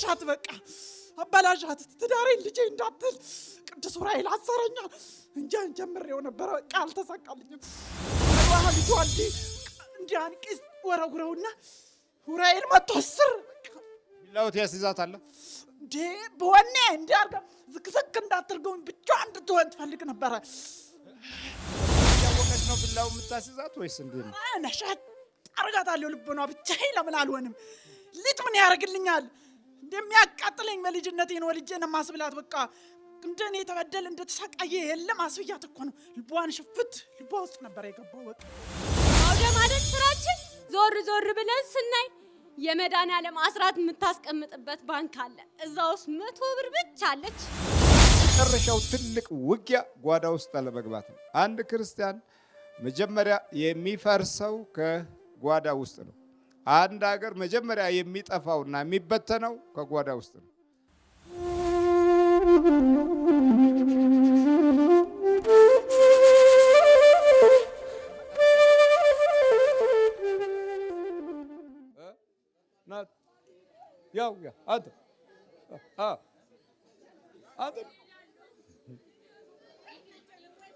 አበላሻት፣ በቃ አበላሻት። ትዳሬን ልጄ እንዳትል ቅዱስ ዑራኤል አሰረኛ። እንጃን ጀምሬው ነበረ፣ በቃ አልተሳካልኝም። ባህልቷ እንዲ እንዲያን ቂስ ወረጉረውና ዑራኤል መቶ ስር ላውት አለ እንዴ በወኔ እንዲያርጋ ዝክዝክ እንዳትርገው ብቻ እንድትሆን ትፈልግ ነበረ። ያወቀች ነው ብላው የምታስይዛት ወይስ እንዴ ነው? ነሻት አርጋታለሁ ልቦና ብቻ ለምን አልሆንም? ሊጥ ምን ያደርግልኛል? እንደሚያቃጥለኝ በልጅነቴን ወልጄ ነው ማስብላት። በቃ እንደኔ የተበደል እንደተሰቃየ የለም አስብያት እኮ ነው። ልቧን ሽፍት ልቧ ውስጥ ነበር የገባው። በቃ አውደ ማደግ ስራችን ዞር ዞር ብለን ስናይ የመዳን የመድኃኒዓለም አስራት የምታስቀምጥበት ባንክ አለ። እዛ ውስጥ መቶ ብር ብቻ አለች። መጨረሻው ትልቅ ውጊያ ጓዳ ውስጥ አለመግባት ነው። አንድ ክርስቲያን መጀመሪያ የሚፈርሰው ከጓዳ ውስጥ ነው። አንድ ሀገር መጀመሪያ የሚጠፋውና የሚበተነው ከጓዳ ውስጥ ነው። ያው አንተ አንተ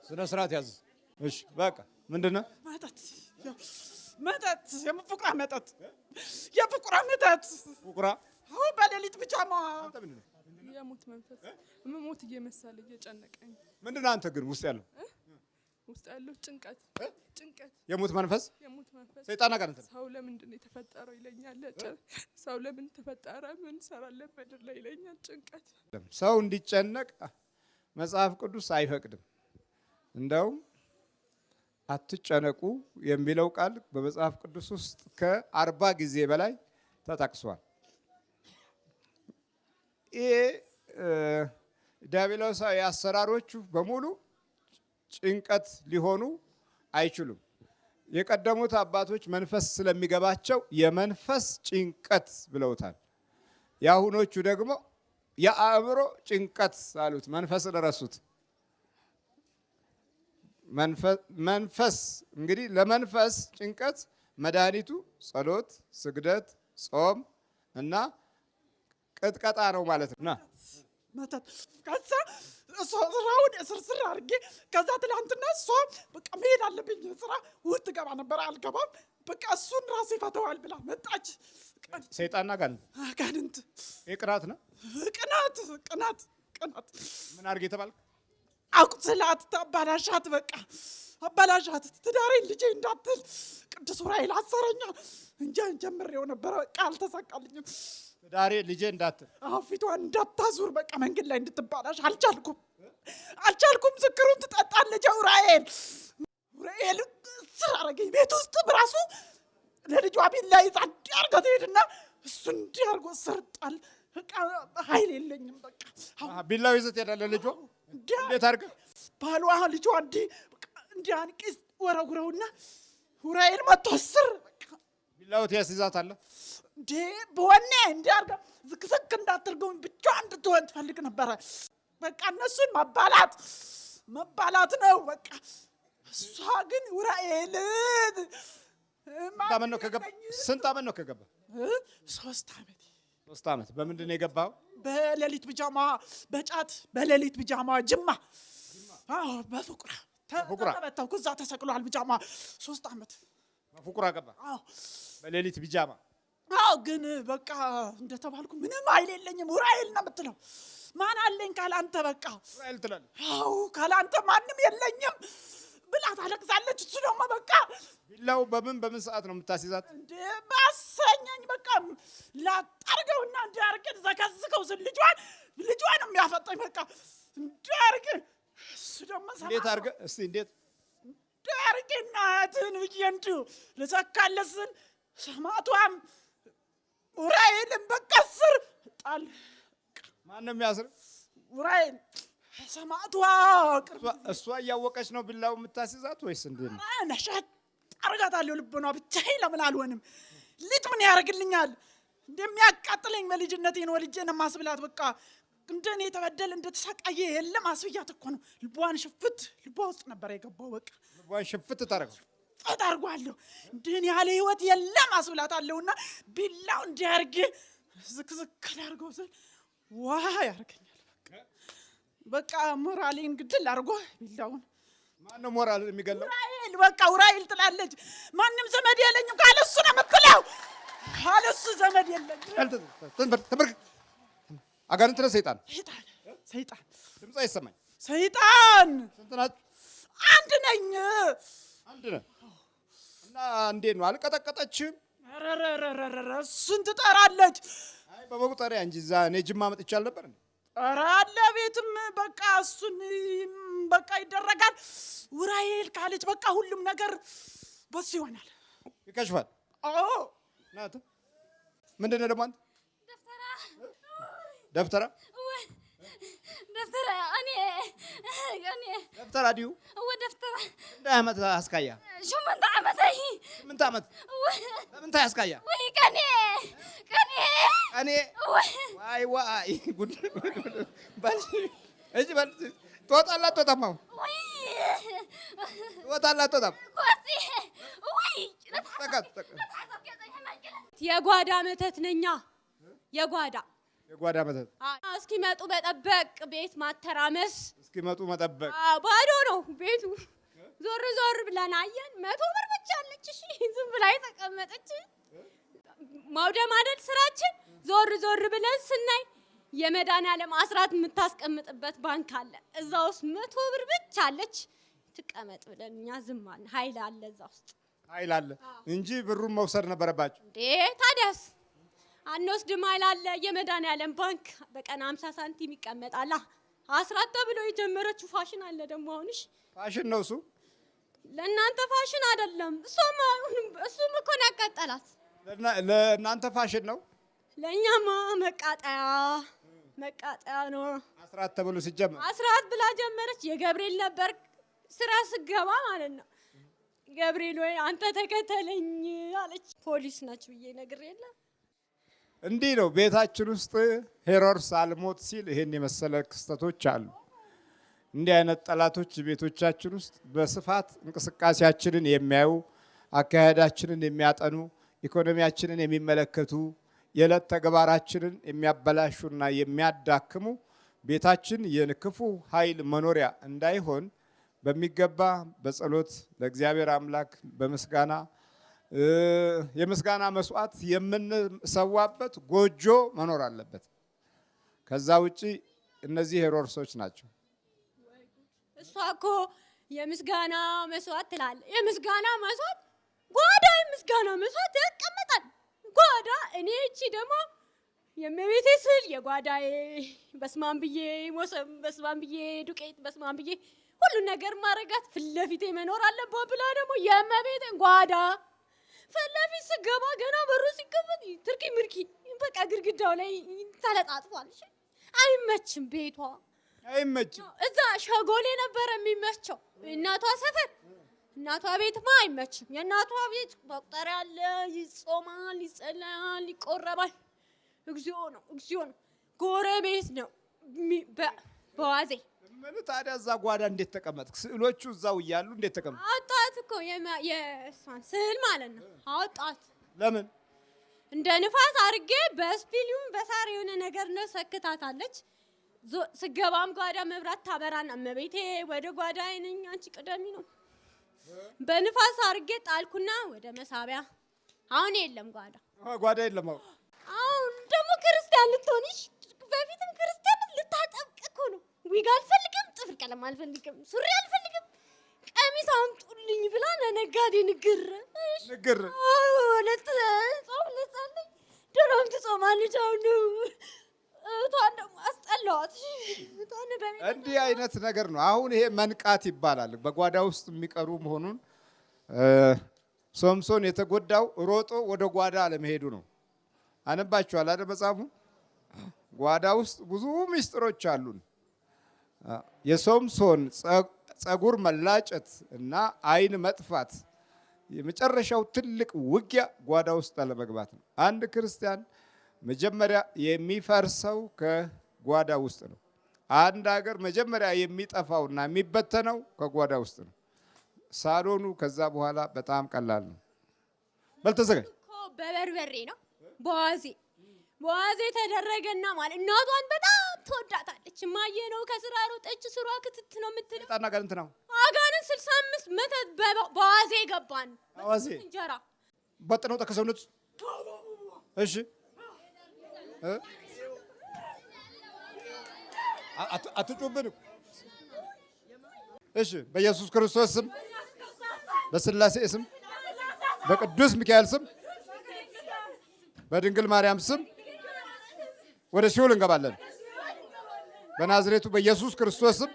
ስነ ስርዓት ያዝ። እሺ በቃ ምንድን ነው መጠጥ የፉቁራ መጠጥ የፍቁራ መጠጥ ፍቁራ አዎ፣ በሌሊት ብቻ ማ የሞት መንፈስ መሞት እየመሰለ እየጨነቀኝ። ምንድን አንተ ግን ውስጥ ያለው ውስጥ ያለው ጭንቀት ጭንቀት የሞት መንፈስ የሞት መንፈስ ሰይጣን ጋር ሰው ለምንድን ነው የተፈጠረው ይለኛል። ሰው ለምን ተፈጠረ? ምን ሰራለን በድር ላይ ይለኛል። ጭንቀት ሰው እንዲጨነቅ መጽሐፍ ቅዱስ አይፈቅድም። እንደውም አትጨነቁ የሚለው ቃል በመጽሐፍ ቅዱስ ውስጥ ከአርባ ጊዜ በላይ ተጠቅሷል። ይሄ ዲያብሎሳዊ አሰራሮቹ በሙሉ ጭንቀት ሊሆኑ አይችሉም። የቀደሙት አባቶች መንፈስ ስለሚገባቸው የመንፈስ ጭንቀት ብለውታል። የአሁኖቹ ደግሞ የአእምሮ ጭንቀት አሉት። መንፈስን ረሱት። መንፈስ እንግዲህ ለመንፈስ ጭንቀት መድኃኒቱ ጸሎት፣ ስግደት፣ ጾም እና ቅጥቀጣ ነው ማለት ነው። ከዛ ስራውን ስርስር አድርጌ ከዛ ትላንትና እሷ በቃ መሄድ አለብኝ ስራ ውት ገባ ነበር አልገባም። በቃ እሱን ራሴ ፈተዋል ብላ መጣች። ሰይጣና ጋን ጋንንት ቅናት ነው ቅናት ቅናት ቅናት ምን አድርጌ ተባልክ አቁስላት አባላሻት፣ በቃ አባላሻት፣ ትዳሬን ልጄ እንዳትል ቅዱስ ዑራኤል አሰረኛ። እንጃ ጀምሬው ነበረ፣ በቃ አልተሳካልኝም። ትዳሬ ልጄ እንዳትል ፊቷን እንዳታዙር፣ በቃ መንገድ ላይ እንድትባላሽ አልቻልኩም፣ አልቻልኩም። ዝክሩን ትጠጣል ልጄ ዑራኤል። ዑራኤል ስር አረገኝ ቤት ውስጥ ብራሱ ለልጇ ቢላ ይዛ እንዲህ አድርጋ ትሄድና እሱ እንዲያርጎ አድርጎ ስር ኃይል የለኝም በቃ ቢላው ይዘት ሄዳለ ልጇ እንዴት አድርገህ ባሏ ልጇ እንዲህ እንዲህ አንቂስ ወረውረውና ሁራይን መቶ ስር ቢላውት ያስይዛታለህ እንዴ በወኔ እንዲህ አድርገህ ዝቅዝቅ እንዳትርገው ብቻዋን እንድትሆን ትፈልግ ነበረ። በቃ እነሱን መባላት መባላት ነው በቃ። እሷ ግን ውራኤል ስንት ዓመት ነው ከገባ? ሶስት ዓመት ሶስት ዓመት በምንድን ነው የገባው? በሌሊት ብጃማ በጫት በሌሊት ብጃማ ጅማ በፍቁራ ተበተብኩ። እዛ ተሰቅሏል ብጃማ ሶስት ዓመት በፍቁራ ገባ በሌሊት ብጃማ። አዎ ግን በቃ እንደተባልኩ ምንም ኃይል የለኝም። ዑራኤል ነው የምትለው ማን አለኝ ካላንተ? በቃ ዑራኤል ትላለህ። አዎ ካላንተ ማንም የለኝም ብላ ታለቅሳለች። እሱ ደግሞ በቃ ቢላው በምን በምን ሰዓት ነው የምታስይዛት? እንደ ባሰኛኝ በቃ ላጣርገውና እንዳርግ ዘከዝከው ስል ልጇን ልጇን የሚያፈጠኝ በቃ እንዳርግ እሱ ደግሞ እንዴት አርገ እስቲ እንዴት እንዳርግ እናትን ብዬ እንዲሁ ልዘካለት ስል ሰማቷም ውራይልን በቃ ስር ጣል። ማን ነው የሚያስር ኡራኤል ሰማዕቷ ቅርብ እሷ እያወቀች ነው ቢላው የምታስይዛት ወይስ እንዴት ነው? ነሸት አርጋታለሁ። ልቦኗ ብቻዬን ለምን አልሆንም? ልጅ ምን ያደርግልኛል? እንደሚያቃጥለኝ በልጅነቴ ነው ማስብላት። በቃ እንደኔ የተበደለ እንደተሰቃየ የለም። አስብያት እኮ ነው። ልቧን ሽፍት ልቧ ውስጥ ነበር የገባው። በቃ ልቧን ሽፍት ታደርገው አድርጓለሁ። እንደኔ ያለ ህይወት የለም አስብላት አለሁና ቢላው እንዲያርግ ዝክዝክ ስል ዋ ያርገኛል በቃ ሞራሌን ግድል አድርጎ ቢላውን ማነው ሞራል የሚገለው? ራይል በቃ ራይል ትላለች። ማንም ዘመድ የለኝም ካለ እሱ ነው የምትለው። ካለ እሱ ዘመድ የለኝ። አጋንንት ነው ሰይጣን፣ ሰይጣን ድምፅ አይሰማኝ። ሰይጣን አንድ ነኝ፣ አንድ ነ እና እንዴት ነው አልቀጠቀጠችም? እሱን ትጠራለች በመቁጠሪያ እንጂ እዛ እኔ ጅማ መጥቻ አልነበር ኧረ አለ ቤትም በቃ እሱን በቃ ይደረጋል። ውራኤል ካለች በቃ ሁሉም ነገር በሱ ይሆናል፣ ይከሽፋል። አዎ ምንድን ነው ደግሞ አንተ ደብተራ ደብተራ ደፍተራ እኔ እኔ ደፍተራ ዲሁ ወይ ደፍተራ እንደ ዓመት አስካያ ስምንት ዓመት አይ ስምንት ዓመት በምንታይ አስካያ ወይ ቀኔ ቀኔ ቀኔ ዋይ ዋይ ጉድ ባል እሺ ባል ትወጣለህ አትወጣም? አሁን ትወጣለህ አትወጣም? የጓዳ መተት ነኛ የጓዳ የጓዳ መተት እስኪመጡ መጠበቅ፣ ቤት ማተራመስ፣ እስኪመጡ መጠበቅ። ባዶ ነው ቤቱ። ዞር ዞር ብለን አየን። መቶ ብር ብቻ አለች። እሺ ዝም ብላ የተቀመጠች ማውደም አይደል ስራችን። ዞር ዞር ብለን ስናይ የመድኃኒዓለም አስራት የምታስቀምጥበት ባንክ አለ። እዛ ውስጥ መቶ ብር ብቻ አለች። ትቀመጥ ብለን እኛ ዝም አለ። ኃይል አለ እዛ ውስጥ ኃይል አለ እንጂ ብሩን መውሰድ ነበረባቸው ታዲያስ አንወስድም አይላለ የመድኃኒዓለም ባንክ በቀን 50 ሳንቲም ይቀመጣላ። አስራት ተብሎ የጀመረችው ፋሽን አለ ደግሞ አሁንሽ ፋሽን ነው እሱ። ለእናንተ ፋሽን አይደለም። እሷም እሱም እኮ ነው ያቃጠላት። ለእናንተ ፋሽን ነው፣ ለእኛማ መቃጠያ መቃጠያ ነው። አስራት ተብሎ ሲጀመር አስራት ብላ ጀመረች። የገብርኤል ነበር ስራ ስገባ ማለት ነው። ገብርኤል ወይ አንተ ተከተለኝ አለች። ፖሊስ ናቸው ብዬ ነግሬ የለ እንዲህ ነው። ቤታችን ውስጥ ሄሮድስ አልሞት ሲል ይህን የመሰለ ክስተቶች አሉ። እንዲህ አይነት ጠላቶች ቤቶቻችን ውስጥ በስፋት እንቅስቃሴያችንን የሚያዩ አካሄዳችንን የሚያጠኑ ኢኮኖሚያችንን የሚመለከቱ የዕለት ተግባራችንን የሚያበላሹና የሚያዳክሙ ቤታችን የክፉ ኃይል መኖሪያ እንዳይሆን በሚገባ በጸሎት ለእግዚአብሔር አምላክ በምስጋና የምስጋና መስዋዕት የምንሰዋበት ጎጆ መኖር አለበት። ከዛ ውጪ እነዚህ ሄሮድሶች ናቸው። እሷ እኮ የምስጋና መስዋዕት ትላለ። የምስጋና መስዋዕት ጓዳ፣ የምስጋና መስዋዕት ያቀመጣል ጓዳ። እኔ እቺ ደግሞ የእመቤቴ ስል የጓዳዬ በስማን ብዬ ሞሰብ፣ በስማን ብዬ ዱቄት፣ በስማን ብዬ ሁሉ ነገር ማረጋት ፊት ለፊቴ መኖር አለበት ብላ ደግሞ የመቤቴን ጓዳ ፈላፊ ስገባ ገና በሩ ሲከፈት ትርኪ ምርኪ በቃ ግድግዳው ላይ ተለጣጥፏል። አይመችም፣ ቤቷ አይመችም። እዛ ሸጎሌ ነበረ የሚመቸው እናቷ ሰፈር እናቷ ቤትማ አይመችም። የእናቷ ቤት መቁጠር ያለ ይጾማል፣ ይጸለያል፣ ይቆረባል። እግዚኦ ነው፣ እግዚኦ ነው። ጎረቤት ነው በዋዜ ምን ታዲያ እዛ ጓዳ እንዴት ተቀመጥክ? ስዕሎቹ እዛው እያሉ እንዴት ተቀመጥክ? አወጣት እኮ የእሷን ስዕል ማለት ነው። አወጣት ለምን? እንደ ንፋስ አድርጌ በስፒሊዩም በሳር የሆነ ነገር ነው ሰክታታለች። ስገባም ጓዳ መብራት ታበራና እመቤቴ ወደ ጓዳ አይነኝ አንቺ ቅደሚ ነው። በንፋስ አድርጌ ጣልኩና ወደ መሳቢያ። አሁን የለም ጓዳ ጓዳ የለም። አሁን አሁን ደግሞ ክርስቲያን ልትሆንሽ በፊትም ክርስቲያን ልታጠብቅ እኮ ነው ዊግ ቀለም አልፈልግም፣ ሱሪ አልፈልግም፣ ቀሚስ አምጡልኝ ብላ ለነጋዴ ንግር ንግር ሁለት ለጻለኝ ነጻለኝ። ድሮም ትጾማለች። አሁን እህቷን ደግሞ አስጠላዋት። እንዲህ አይነት ነገር ነው። አሁን ይሄ መንቃት ይባላል። በጓዳ ውስጥ የሚቀሩ መሆኑን ሶምሶን የተጎዳው ሮጦ ወደ ጓዳ ለመሄዱ ነው። አነባችኋል አደ መጽሐፉ ጓዳ ውስጥ ብዙ ሚስጥሮች አሉን። የሶምሶን ጸጉር መላጨት እና አይን መጥፋት የመጨረሻው ትልቅ ውጊያ ጓዳ ውስጥ አለመግባት ነው። አንድ ክርስቲያን መጀመሪያ የሚፈርሰው ከጓዳ ውስጥ ነው። አንድ ሀገር መጀመሪያ የሚጠፋው እና የሚበተነው ከጓዳ ውስጥ ነው። ሳሎኑ ከዛ በኋላ በጣም ቀላል ነው። በልተዘጋጅ በበርበሬ ነው። በዋዜ በዋዜ ተደረገና ማለት እናቷን በጣም ትወዳታል አለች። ማየ ነው ከስራ ሮጠች። ስሯ ክትት ነው የምትለው። ጣና ጋር ነው አጋንን 65 መተ በዋዜ ገባን። አዋዜ እንጀራ በጥነው ወጣ እሺ አትጩብን። እሺ በኢየሱስ ክርስቶስ ስም፣ በስላሴ ስም፣ በቅዱስ ሚካኤል ስም፣ በድንግል ማርያም ስም ወደ ሲኦል እንገባለን። በናዝሬቱ በኢየሱስ ክርስቶስም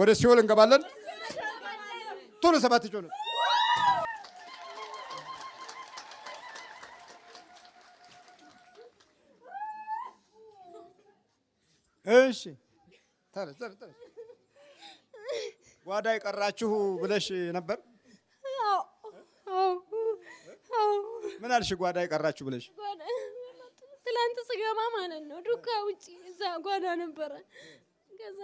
ወደ ሲኦል እንገባለን። ቶሎ ሰባት ጆነ እሺ ጓዳ የቀራችሁ ብለሽ ነበር። ምን አልሽ? ጓዳ የቀራችሁ ብለሽ ስገባ ማለት ነው ዱካ ውጭ እዛ ጓዳ ነበረ። ከዛ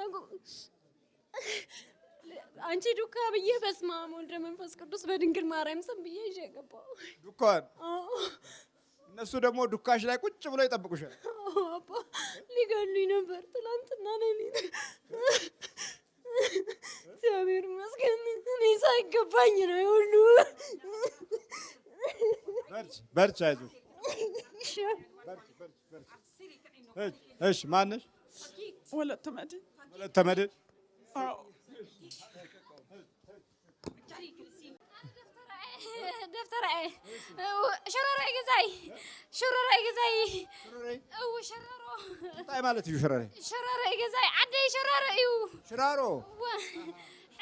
አንቺ ዱካ ብዬ በስመ አብ ወወልድ መንፈስ ቅዱስ በድንግል ማርያም ስም ብዬ ይዤ ገባሁ። ዱካን እነሱ ደግሞ ዱካሽ ላይ ቁጭ ብለው ይጠብቁሻል። አባ ሊገሉኝ ነበር ትናንትና ለሊት። እግዚአብሔር ይመስገን እኔ ሳይገባኝ ነው የሁሉ በርቻ بركي ايش ما عندناش ولا التمدد ولا التمدد دفتر ايه شرر جزاي شرر جزاي او شرر طيب مالت يو شرر شرر جزاي عدي شرر ايو شرارو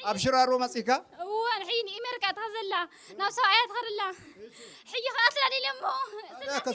اب شرارو مصيكا وان حين امريكا تهزلا نفسها عيات خرلا حي خاطر علي لمو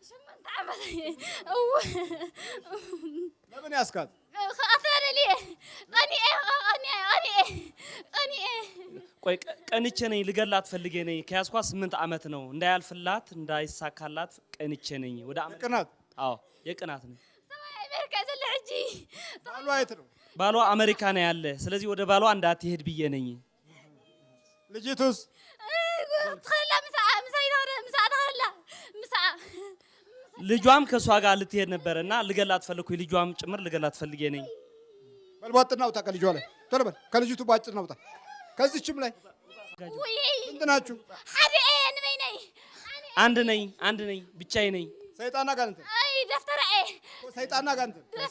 ለምን ያስካት? ቆይ ቀንቼ ነኝ ልገላት ፈልጌ ነኝ። ከያዝኳ ስምንት ዓመት ነው። እንዳያልፍላት እንዳይሳካላት ቀንቼ ነኝ። ወደ ቅናት? አዎ የቅናት ነው። ባሏ አሜሪካ ነው ያለ። ስለዚህ ወደ ባሏ እንዳትሄድ ብዬ ነኝ። ልጅቱስ ልጇም ከእሷ ጋር ልትሄድ ነበር እና ልገላት ፈልኩኝ። ልጇም ጭምር ልገላት ፈልጌ ነኝ። በልቧጥ እናውጣ፣ ከልጇ ላይ ቶሎ በል፣ ከልጅቱ ባጭ እናውጣ። ከዚችም ላይ ስንት ናችሁ? አንድ ነኝ፣ አንድ ነኝ፣ ብቻዬ ነኝ። ሰይጣና ጋር እንትን ደፍተራ ሰይጣና ጋር እንትን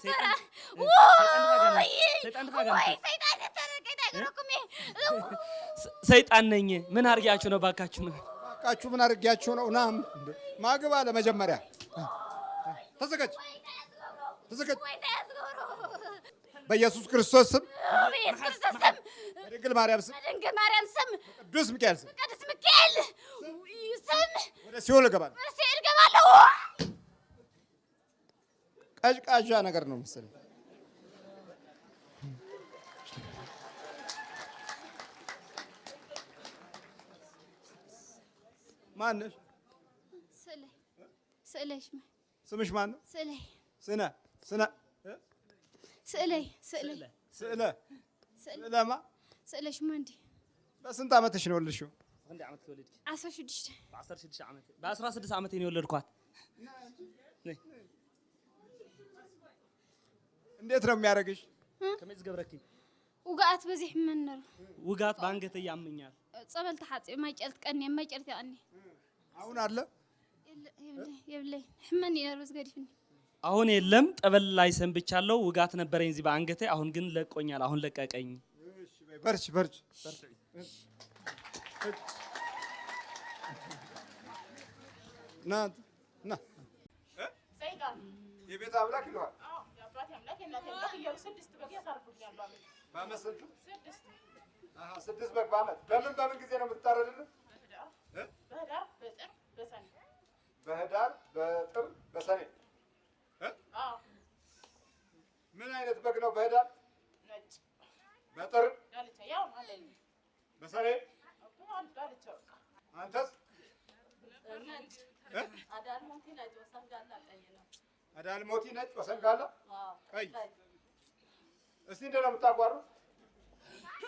ሰይጣን ነኝ። ምን አድርጊያችሁ ነው ባካችሁ ነው እባካችሁ ምን አድርጊያችሁ ነው? ና ማግባ ለመጀመሪያ ተዘጋጅ ተዘጋጅ። በኢየሱስ ክርስቶስ ስም በድንግል ማርያም ስም በድንግል ማርያም ስም ቅዱስ ሚካኤል ስም ቅዱስ ሚካኤል ስም ወደ ሲኦል እገባለሁ። ቀዥቃዣ ነገር ነው መሰለኝ ማነሽ? ስዕለሽ። ስምሽ ማነው? ስነ ስነ ስዕለይ ስዕለ ስዕለማ ስዕለሽ ማንዲ በስንት ዓመትሽ ነው የወለድሽው? በአስራ ስድስት ዓመቴ ነው የወለድኳት። እንዴት ነው የሚያደርግሽ? ከመይ ዝገብረኪ መነር ውጋት በአንገት ያመኛል ጸበል ተሓፂ ማይጨልት ቀኒ ማይጨልት ያኒ አሁን አለ የብለይ ሕመን ነርበስ ገዲፍኒ አሁን የለም። ጠበል ላይ ሰንብቻለሁ። ውጋት ነበረኝ እዚህ በአንገቴ፣ አሁን ግን ለቆኛል። አሁን ለቀቀኝ። በርች በርች የቤት አምላክ ይለዋል ስድስት በግ በዓመት በምን በምን ጊዜ ነው የምትታረድልን? በህዳር፣ በጥር፣ በሰኔ። ምን አይነት በግ ነው? በህዳር፣ በጥር፣ በሰኔ። አንተስ? አዳልሞቲ ነጭ፣ ወሰንጋላ ቀይ። እስቲ እንደው ነው የምታጓሩት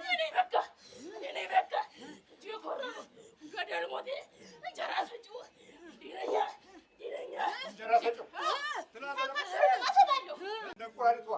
እኔ በቃ እኔ በቃ ዲኮራ ገደል ሞቴ እንጀራ ሰጪው ዲነኛ ዲነኛ እንጀራ ሰጪው ትናንት ተቀበላለሁ እንደ ቁራሪቷ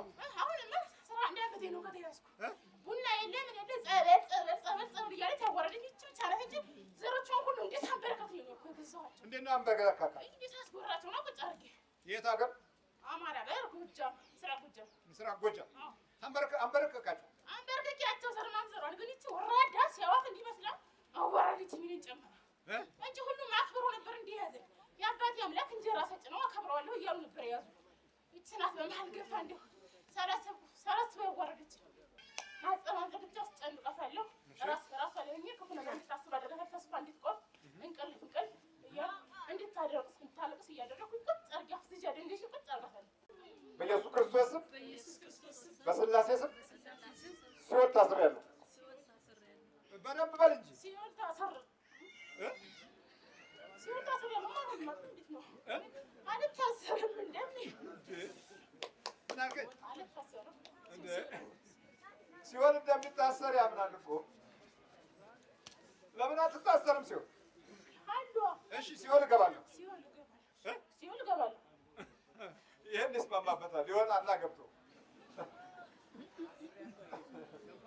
ይገባበታል። ይወጣላ ገብቶ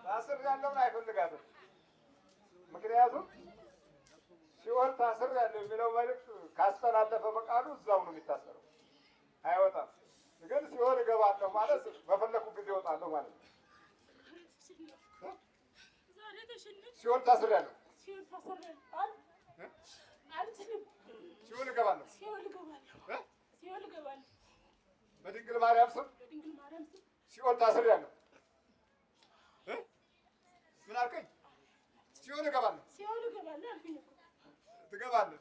ታስር ያለውን አይፈልጋትም። ምክንያቱም ሲኦል ታስር ያለው የሚለው መልዕክት ካስተላለፈ በቃሉ እዛው ነው የሚታሰረው፣ አይወጣም። ግን ሲኦል እገባለሁ ማለት በፈለኩ ጊዜ እወጣለሁ ማለት ነው። ሲኦል ታስር ያለው ሲኦል እገባለሁ በድንግል ማርያም ስም ሲኦል ታስሬያለሁ። ምን አልከኝ? ሲኦል እገባለሁ። ትገባለህ፣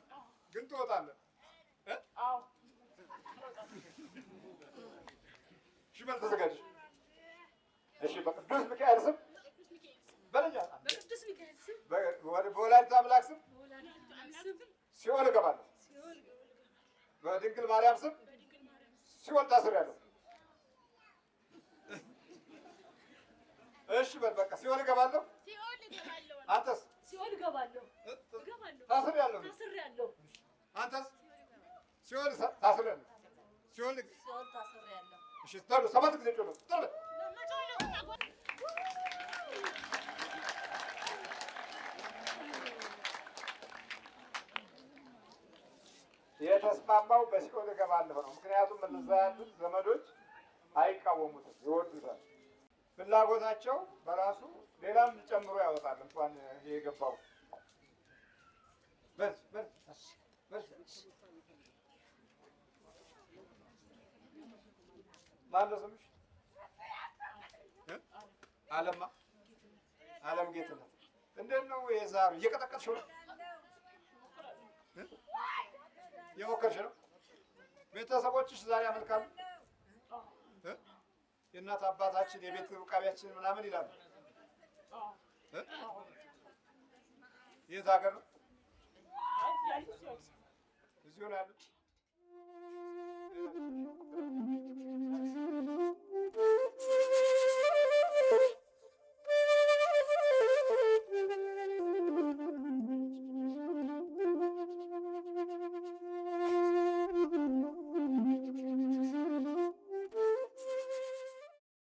ግን ትወጣለህ። እሺ በል ተዘጋጅ። እሺ በቅዱስ ሚካኤል ስም በለጃ በወላዲተ አምላክ ስም ሲኦል እገባለሁ። በድንግል ማርያም ስም ሲወጣ ስር ያለው እሺ በል በቃ ሲሆን እገባለሁ። አንተስ ሲሆን እገባለሁ። ታስር አንተስ ሲሆን ታስር ያለሁ ሲሆን እሺ ሰባት ጊዜ ጮሎ የተስማማው በሲኦል እገባለሁ ነው። ምክንያቱም እነዛ ያሉት ዘመዶች አይቃወሙትም፣ ይወዱታል። ፍላጎታቸው በራሱ ሌላም ጨምሮ ያወጣል። እንኳን ይሄ የገባው ማነው አለማ አለም ጌትነት። እንዴት ነው የዛሩ እየቀጠቀጥሽ ነው? የወከልሽ ነው። ቤተሰቦችሽ ዛሬ አመልካሉ? የእናት አባታችን የቤት ውቃቢያችን ምናምን ይላሉ። የት ሀገር ነው? እዚሁ ነው ያሉት።